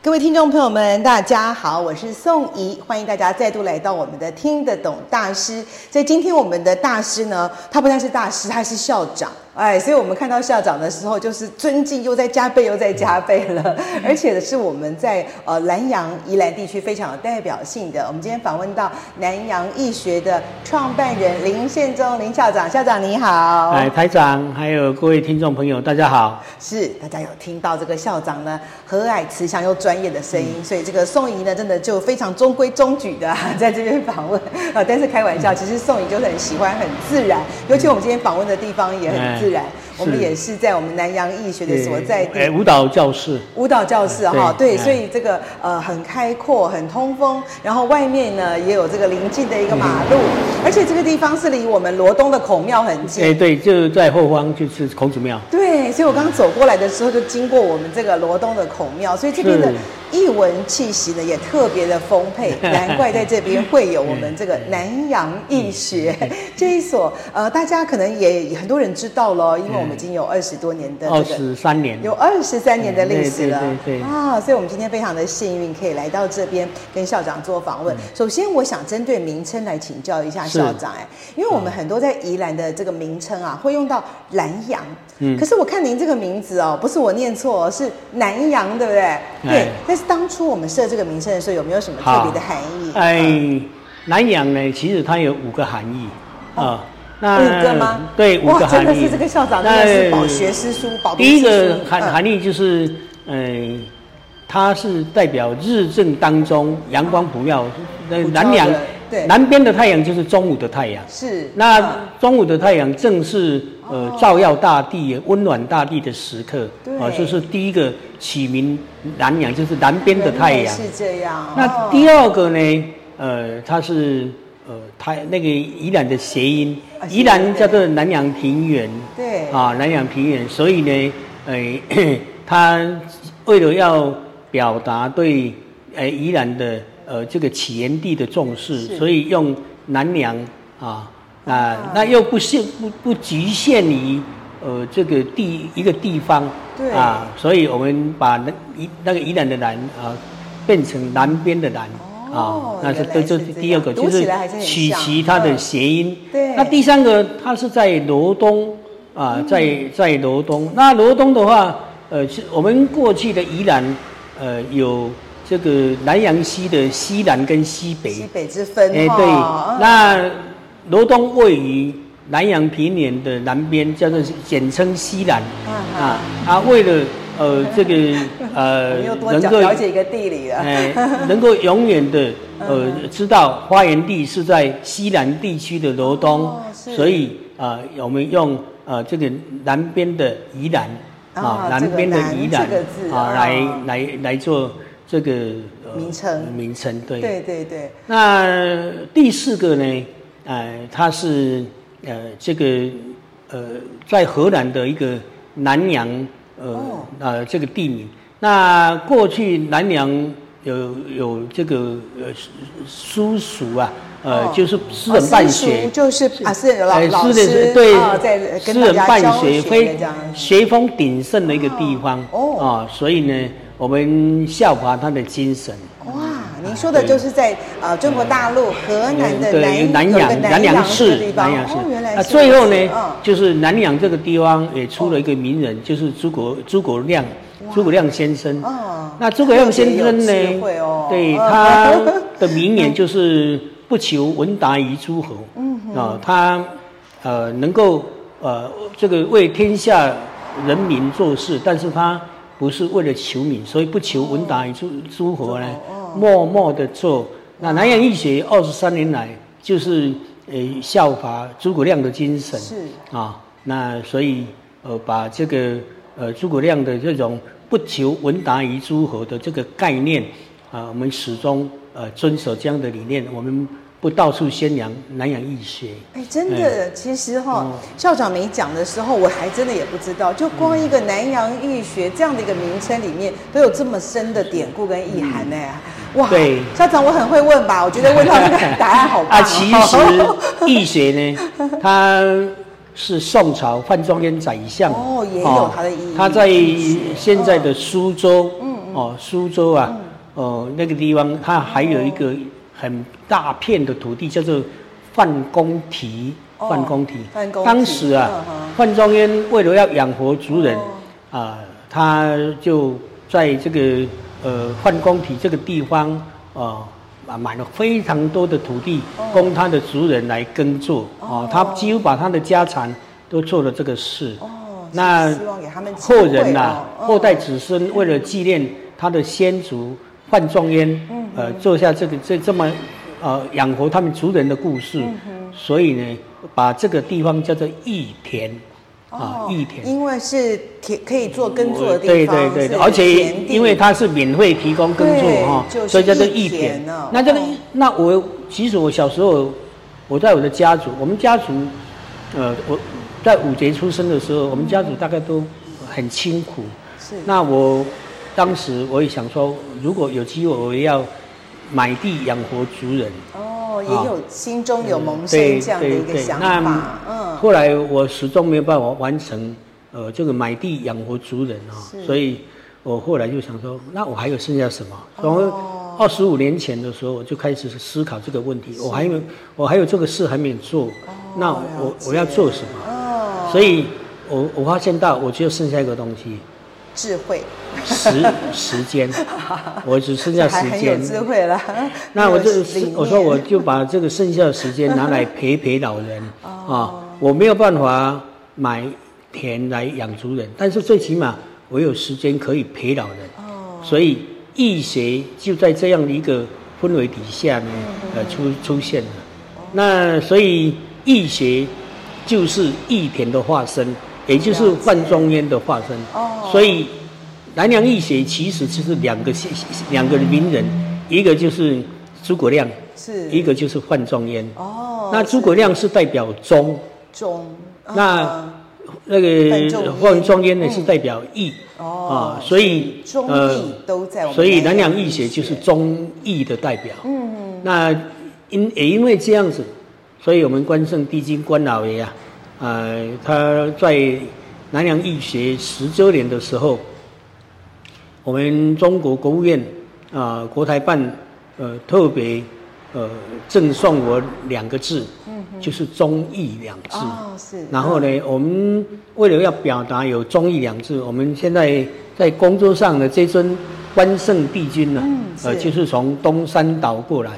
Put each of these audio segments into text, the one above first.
各位聽眾朋友們，大家好，我是宋怡，歡迎大家再度來到我們的聽得懂大師。在今天，我們的大師呢，他不但是大師，他是校長。哎，所以我們看到校長的時候，就是尊敬又在加倍，又在加倍了。而且是我們在呃南陽宜蘭地區非常有代表性的。我們今天訪問到南陽義學的創辦人林獻忠林校長，校長你好！哎，台長還有各位聽眾朋友，大家好。是大家有聽到這個校長呢和藹慈祥又專業的聲音，嗯、所以這個宋怡呢真的就非常中規中矩的、啊、在這邊訪問，但是開玩笑，其實宋怡就很喜歡很自然，尤其我們今天訪問的地方也很自然。嗯自然，是我們也是在我們南陽義學的所在地。欸欸、舞蹈教室，舞蹈教室哈，欸、對，對，所以這個、欸、呃很開闊，很通風，然後外面呢也有這個臨近的一個馬路。欸而且這個地方是離我們羅東的孔廟很近。哎，對，對，就是在後方就是孔子廟。對，所以我剛剛走過來的時候就經過我們這個羅東的孔廟，所以這邊的藝文氣息呢也特別的豐沛，難怪在這邊會有我們這個南陽義學這一所。呃，大家可能也，也很多人知道了，因為我們已經有二十多年的、這個，二十三年有二十三年的歷史了。對對啊，所以我們今天非常的幸運可以來到這邊跟校長做訪問。首先，我想針對名稱來請教一下校長哎，因為我們很多在宜蘭的這個名稱啊，會用到南陽。嗯，可是我看您這個名字哦，不是我念錯，是南陽，對不對？對。但是當初我們設這個名稱的時候，有沒有什麼特別的含義？哎，南陽呢，其實它有五個含義啊。五個嗎？對，五個含義。哇，真的是這個校長，真的是飽學詩書，飽讀詩書。第一個含含義就是，嗯，它是代表日正當中陽光普照，南陽。對南邊的太陽就是中午的太陽，是那中午的太陽正是、嗯、呃照耀大地、溫暖大地的時刻，啊對，這、呃就是第一個起名南陽，就是南邊的太陽是這樣。那第二個呢？哦、呃，它是呃，它那個宜蘭的諧音，啊、音宜蘭叫做蘭陽平原，對啊，蘭陽平原，所以呢，呃，他為了要表達對呃宜蘭的。呃，這個起源地的重視，是所以用南陽啊，啊，啊那又不是不不局限於呃這個地一個地方對啊，所以我們把那那個“宜蘭的“蘭、呃、啊變成南邊的“南、哦”啊，那是是這這第二個是就是取其他的諧音。啊、對，那第三個，它是在羅東啊，嗯、在在羅東。那羅東的話，呃，是我們過去的宜蘭呃有。這個南陽溪的溪南跟溪北，溪北之分。哎，對，那羅東位於南陽平原的南邊，叫做簡稱溪南。啊，啊，為了呃這個呃能夠了解一個地理啊，哎，能夠永遠的呃知道發源地是在溪南地區的羅東，所以啊，我們用呃這個南邊的宜蘭啊，南邊的宜蘭啊來來來做。這個名稱，名稱對，對對對，那第四個呢？呃它是呃，這個呃，在河南的一個南陽呃呃這個地名。那過去南陽有有這個呃私塾啊，呃就是私人辦學，就是啊私人老師對，在私人辦學非學風鼎盛的一個地方啊，所以呢。我們效法他的精神。哇，您說的就是在呃中國大陸河南的南陽南陽市南陽市。那最後呢，就是南陽這個地方也出了一個名人，就是諸葛諸葛亮諸葛亮先生。哦。那諸葛亮先生呢？對他的名言就是“不求聞達於諸侯”。嗯。他呃能夠呃這個為天下人民做事，但是他。不是為了求名，所以不求聞達於諸諸侯呢，默默地做。那南陽義學二十三年來，就是呃效法諸葛亮的精神，是啊，那所以呃把這個呃諸葛亮的這種不求聞達於諸侯的這個概念啊、呃，我們始終呃遵守這樣的理念，我們。不到處宣揚南陽義學，哎、欸，真的，嗯、其實哈、喔，嗯、校長沒講的時候，我還真的也不知道，就光一個南陽義學這樣的一個名稱裡面，都有這麼深的典故跟意涵呢。嗯、哇，對校長，我很會問吧？我覺得問到這個答案好、喔、啊。其實義學呢，他是宋朝范仲淹宰相哦，也有他的意義。他在現在的蘇州，哦、嗯、嗯，哦，蘇州啊，嗯、哦，那個地方他還有一個。很大片的土地叫做范公堤、范公堤。哦、范公堤，當時啊，哦、哈范仲淹為了要養活族人，啊、哦呃，他就在這個呃范公堤這個地方，哦、呃，啊買了非常多的土地，哦、供他的族人來耕作。哦、呃，他幾乎把他的家產都做了這個事。哦，那哦後人吶、啊，後代子孫為了紀念他的先祖。哦嗯范仲淹，呃，做下這個這這麼，呃，養活他們族人的故事，嗯、哼所以呢，把這個地方叫做義田，哦、啊，義田，因為是田可以做耕作的地方，對對對，對，而且因為它是免費提供耕作哈，所以對、哦、叫做義田。田那這個、哦、那我其實我小時候，我在我的家族，我們家族，呃，我，在五節出生的時候，我們家族大概都很清苦，嗯、是，那我。當時我也想說，如果有機會，我要買地養活族人。哦，也有心中有萌生這樣的一個想法。對對對。那，嗯，後來我始終沒有辦法完成，呃，這個買地養活族人啊。是。所以，我後來就想說，那我還有剩下什麼？然後，二十五年前的時候，我就開始思考這個問題。我還有，我還有這個事還沒做。那我我要做什麼？哦。所以我我發現到，我只有剩下一個東西。智慧， 時時間，我只剩下時間，啊、智慧啦，那我就面我說，我就把這個剩下的時間拿來陪陪老人啊、哦哦，我沒有辦法買田來養族人，但是最起碼我有時間可以陪老人。哦，所以義學就在這樣的一個氛圍底下、嗯、呃出出現了。那所以義學就是義田的化身。也就是范仲淹的化身，哦，所以南陽義學其實就是兩個兩個名人，一個就是諸葛亮，是，一個就是范仲淹。哦，那諸葛亮是代表忠，忠，那那個范仲淹呢是代表義，哦，啊，所以忠義都在，所以南陽義學就是忠義的代表。嗯，那因也因為這樣子，所以我們關聖帝君關老爺啊。呃，他在南陽義學十週年的時候，我們中國國務院啊、呃，國台辦呃特別呃贈送我兩個字，嗯哼，就是“忠義、哦”兩字。然後呢，嗯、我們為了要表達有“忠義”兩字，我們現在在工作上的這尊關聖帝君呢、啊，嗯、呃，就是從東山島過來，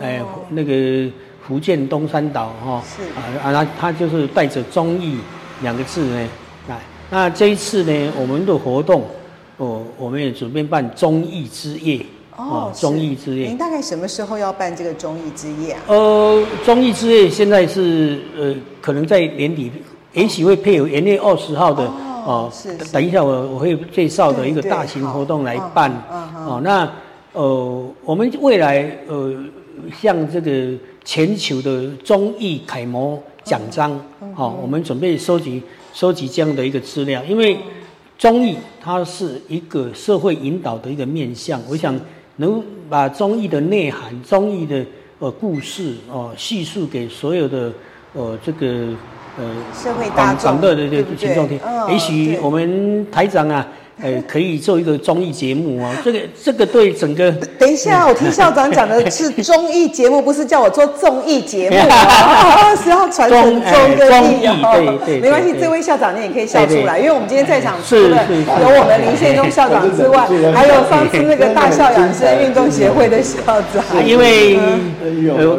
哎、哦呃，那個。福建東山島哦，是啊啊，那、啊、他就是帶着忠義兩個字呢，啊，那這一次呢，我們的活動，我、呃、我們也準備辦忠義之夜，哦，忠義、哦、之夜，您、嗯、大概什麼時候要辦這個忠義之夜啊？呃，忠義之夜現在是呃，可能在年底，也許會配有元月二十號的哦，呃、是，是，等一下我我會介紹的一個大型活動來辦，對對對哦，那呃，我們未來呃，像這個。全球的綜藝楷模獎章，好、嗯嗯嗯哦，我們準備收集收集這樣的一個資料，因為綜藝它是一個社會引導的一個面向，嗯、我想能把綜藝的內涵、綜藝的呃故事，哦敘述給所有的呃這個呃社會大眾，廣泛的群眾聽，也許我們台長啊。呃、欸、可以做一個綜藝節目啊！這個這個對整個……等一下，我聽校長講的是綜藝節目，不是叫我做綜藝節目，喔，是要傳承中的意哦。沒關係，對對對對這位校長你也可以笑出來，對對對因為我們今天在場是是是除了有我們林獻忠校長之外，還有上次那個大校養生運動協會的校長。因為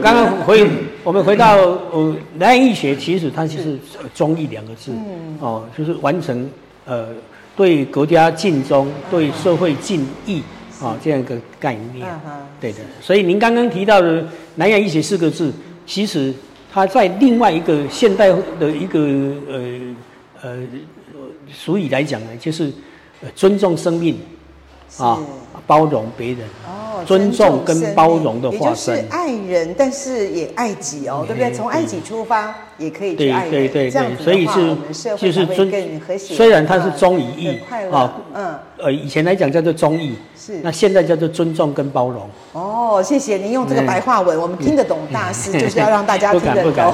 剛剛、呃、回是我們回到呃，南陽義學其實它就是綜藝兩個字是、嗯、哦，就是完成呃。對國家盡忠，對社會盡義啊，喔、是這樣一個概念。啊、哈對的，是所以您剛剛提到的“南陽義學”四個字，其實它在另外一個現代的一個呃呃俗語來講呢，就是尊重生命，啊、喔，是包容別人。哦尊重跟包容的化身，也就是愛人，但是也愛己哦，對不對？從愛己出發，也可以去愛人對對對，這樣子的話，我們社會會更和諧。雖然它是忠義義，啊，嗯，呃，以前來講叫做忠義，是那現在叫做尊重跟包容。哦，謝謝您用這個白話文，我們聽得懂。大師就是要讓大家聽得懂。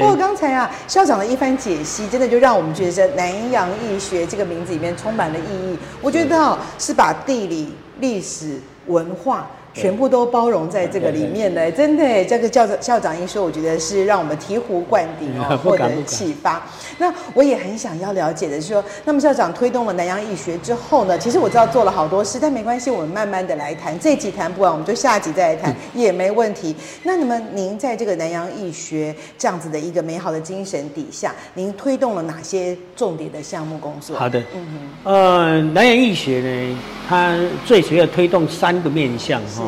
不過剛才啊，校長的一番解析，真的就讓我們覺得南陽義學這個名字裡面充滿了意義。我覺得啊，是把地理。歷史文化，全部都包容在這個裡面呢，啊、真的，是這個校長校長一說，我覺得是讓我們醍醐灌頂哦、啊，獲、嗯、得啟發。那我也很想要了解的是說，那麼校長推動了南陽義學之後呢，其實我知道做了好多事，但沒關係，我們慢慢的來談，這集談不完，我們就下集再來談、嗯、也沒問題。那那麼您在這個南陽義學這樣子的一個美好的精神底下，您推動了哪些重點的項目工作？好的，嗯嗯哼、呃，南陽義學呢，它最主要推動三個面向哈。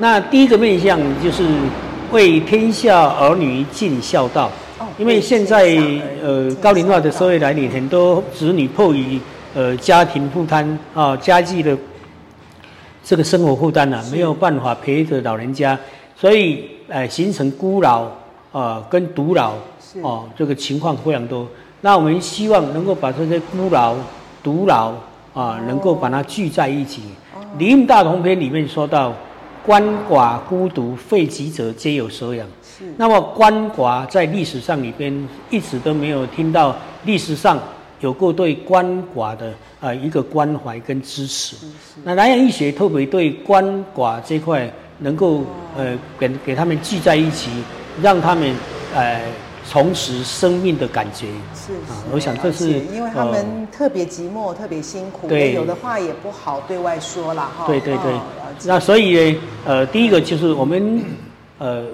那第一個面向就是為天下兒女盡孝道，哦、因為現在呃高齡化的社會來臨，很多子女迫於呃家庭負擔啊、家計的這個生活負擔啊，是沒有辦法陪着老人家，所以呃形成孤老啊跟獨老哦是、啊、這個情況非常多。那我們希望能夠把這些孤老、獨老啊，哦、能夠把它聚在一起，哦《禮運大同篇》裡面說到，鰥寡孤獨廢疾者，皆有所養。是那麼鰥寡在歷史上裡邊，一直都沒有聽到歷史上有過對鰥寡的啊、呃、一個關懷跟支持。是是，那南陽義學特別對鰥寡這塊，能夠呃給給他們聚在一起，讓他們呃。重拾生命的感覺是，是、啊，我想這是因為他們特別寂寞，呃、特別辛苦，對，對有的話也不好對外說了哈。對對對，哦、那所以呃，第一個就是我們呃，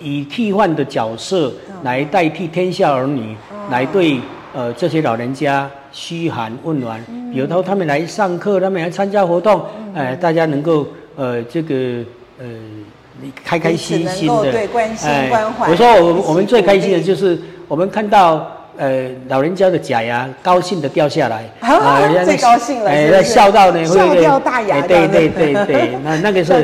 以替換的角色來代替天下兒女，來對、哦、呃這些老人家噓寒問暖，有、嗯、時候他們來上課，他們來參加活動，哎、呃，大家能夠呃這個呃。你開開心心的，對關心關懷、哎、我說我我們最開心的就是我們看到呃老人家的假牙高興地掉下來，啊，啊最高興了，哎、呃，是是笑到呢會笑掉大牙，哎，對對對對，對對對對 那那個時候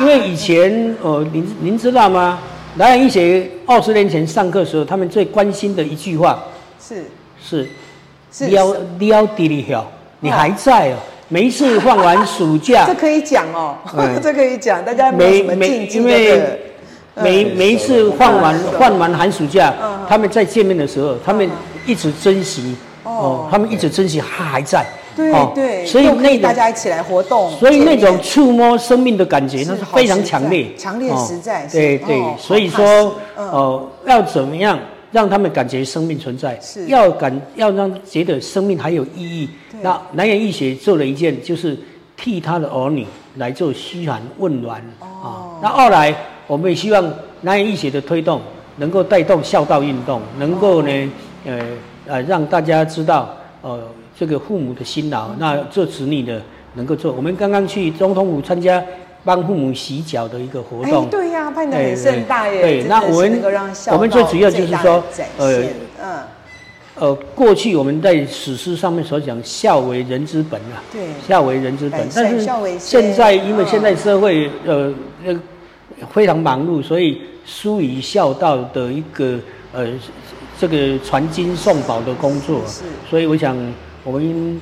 因為以前哦，您您知道嗎？南陽義學二十年前上課的時候，他們最關心的一句話是是是，廖廖你還在哦。啊每一次放完暑假，這可以講哦，這可以講。大家沒沒，因為每每一次放完放完寒暑假，他們再見面的時候，他們一直珍惜哦，他們一直珍惜還還在。對對，所以那大家一起來活動，所以那種觸摸生命的感覺，那是非常強烈、強烈、實在。對對，所以說哦，要怎麼樣？讓他們感覺生命存在，是要感要讓覺得生命還有意義。對那南陽義學做了一件，就是替他的兒女來做噓寒問暖。哦，啊、那二來我們也希望南陽義學的推動，能夠帶動孝道運動，能夠呢，哦、呃呃，讓大家知道，呃，這個父母的辛勞，嗯、那做子女的能夠做。我們剛剛去總統府參加。幫父母洗腳的一個活動，欸、對呀、啊，辦的很盛大耶。對，那我們我們最主要就是說，呃，呃，呃，過去我們在史書上面所講，孝為人之本啊，對，孝為人之本。對但是現在為，因為現在社會、啊、呃呃非常忙碌，所以疏於孝道的一個呃這個傳經送寶的工作。是，是是是，所以我想我們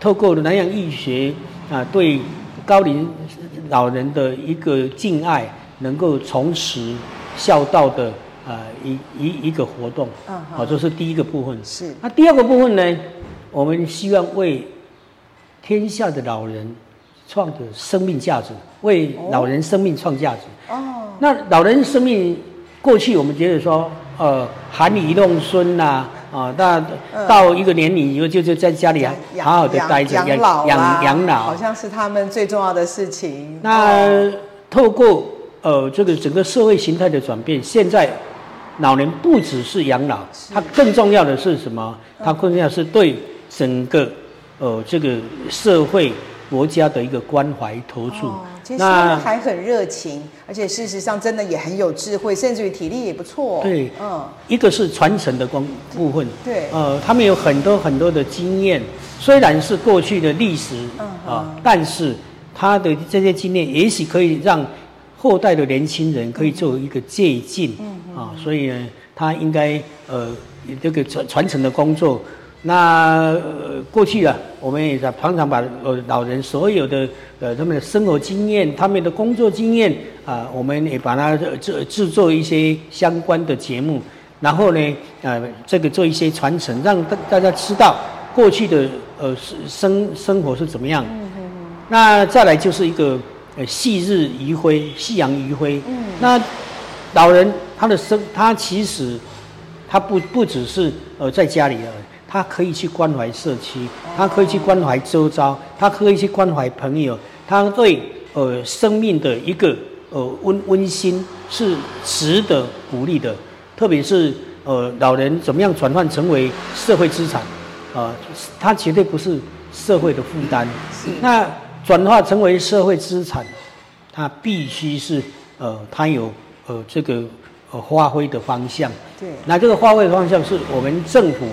透過了南陽義學啊、呃，對高齡。老人的一個敬愛，能夠從實孝道的一一、呃、一個活動，啊、uh，huh。這是第一個部分。是，那第二個部分呢？我們希望為天下的老人創的生命價值，為老人生命創價值。哦，oh. oh。那老人生命過去我們覺得說，呃，含飴弄孫吶、啊。啊、哦，那到一個年齡以後，就就在家裡好好的待着，嗯啊，養老，養養老，好像是他們最重要的事情。那透過呃這個整個社會形態的轉變，現在老年不只是養老，的它更重要的是什麼？它更重要是對整個呃這個社會國家的一個關懷投注。哦其實還很熱情，那而且事實上真的也很有智慧，甚至於體力也不錯，哦。對，嗯，一個是傳承的工部分。對，對呃，他們有很多很多的經驗，雖然是過去的歷史，嗯啊哼，但是他的這些經驗也許可以讓後代的年輕人可以做一個借鑑，嗯啊哼、呃，所以呢，他應該呃這個傳傳承的工作，那、呃、過去啊我們也在常常把呃老人所有的呃他們的生活經驗、他們的工作經驗啊，呃，我們也把它製製作一些相關的節目，然後呢，呃，這個做一些傳承，讓大家知道過去的呃生生活是怎麼樣。嗯嗯嗯。那再來就是一個呃，夕日餘暉，夕陽餘暉。嗯。那老人他的生，他其實他不不只是呃在家裡啊。他可以去關懷社區，他可以去關懷周遭，他可以去關懷朋友，他對呃生命的一個呃溫溫馨是值得鼓勵的，特別是呃老人怎麼樣轉換成為社會資產，呃他絕對不是社會的負擔，是那轉化成為社會資產，他必須是呃他有呃這個呃發揮的方向，對，那這個發揮的方向是我們政府。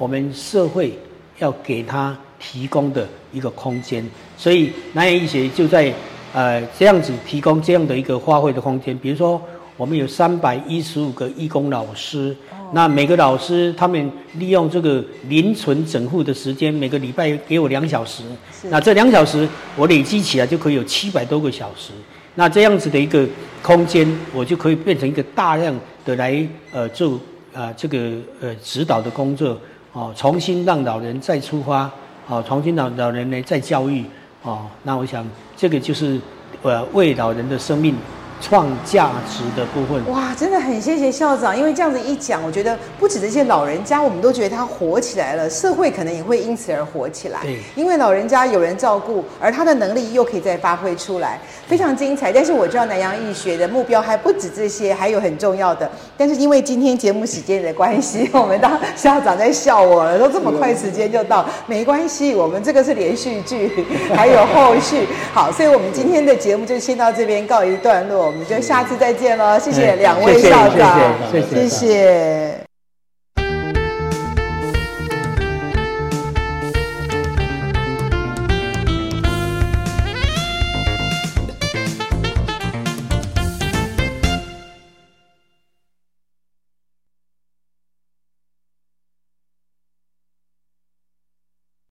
我們社會要給他提供的一個空間，所以南陽義學就在呃這樣子提供這樣的一個發揮的空間。比如說，我們有三百一十五個義工老師，那每個老師他們利用這個零存整付的時間，每個禮拜給我兩小時。那這兩小時我累積起來就可以有七百多個小時。那這樣子的一個空間，我就可以變成一個大量的來呃做啊、呃、這個呃指導的工作。哦，重新讓老人再出發，哦，重新讓老人呢再教育，哦，那我想這個就是，呃，為老人的生命。創價值的部分哇，真的很謝謝校長，因為這樣子一講，我覺得不止這些老人家，我們都覺得他活起來了，社會可能也會因此而活起來。對，因為老人家有人照顧，而他的能力又可以再發揮出來，非常精彩。但是我知道南陽義學的目標還不止這些，還有很重要的。但是因為今天節目時間的關係，我們當校長在笑我了，都這麼快時間就到，沒關係，我們這個是連續劇，還有後續。 好，所以我們今天的節目就先到這邊告一段落。我們就下次再見嘍，謝謝兩位校長，謝謝，謝謝。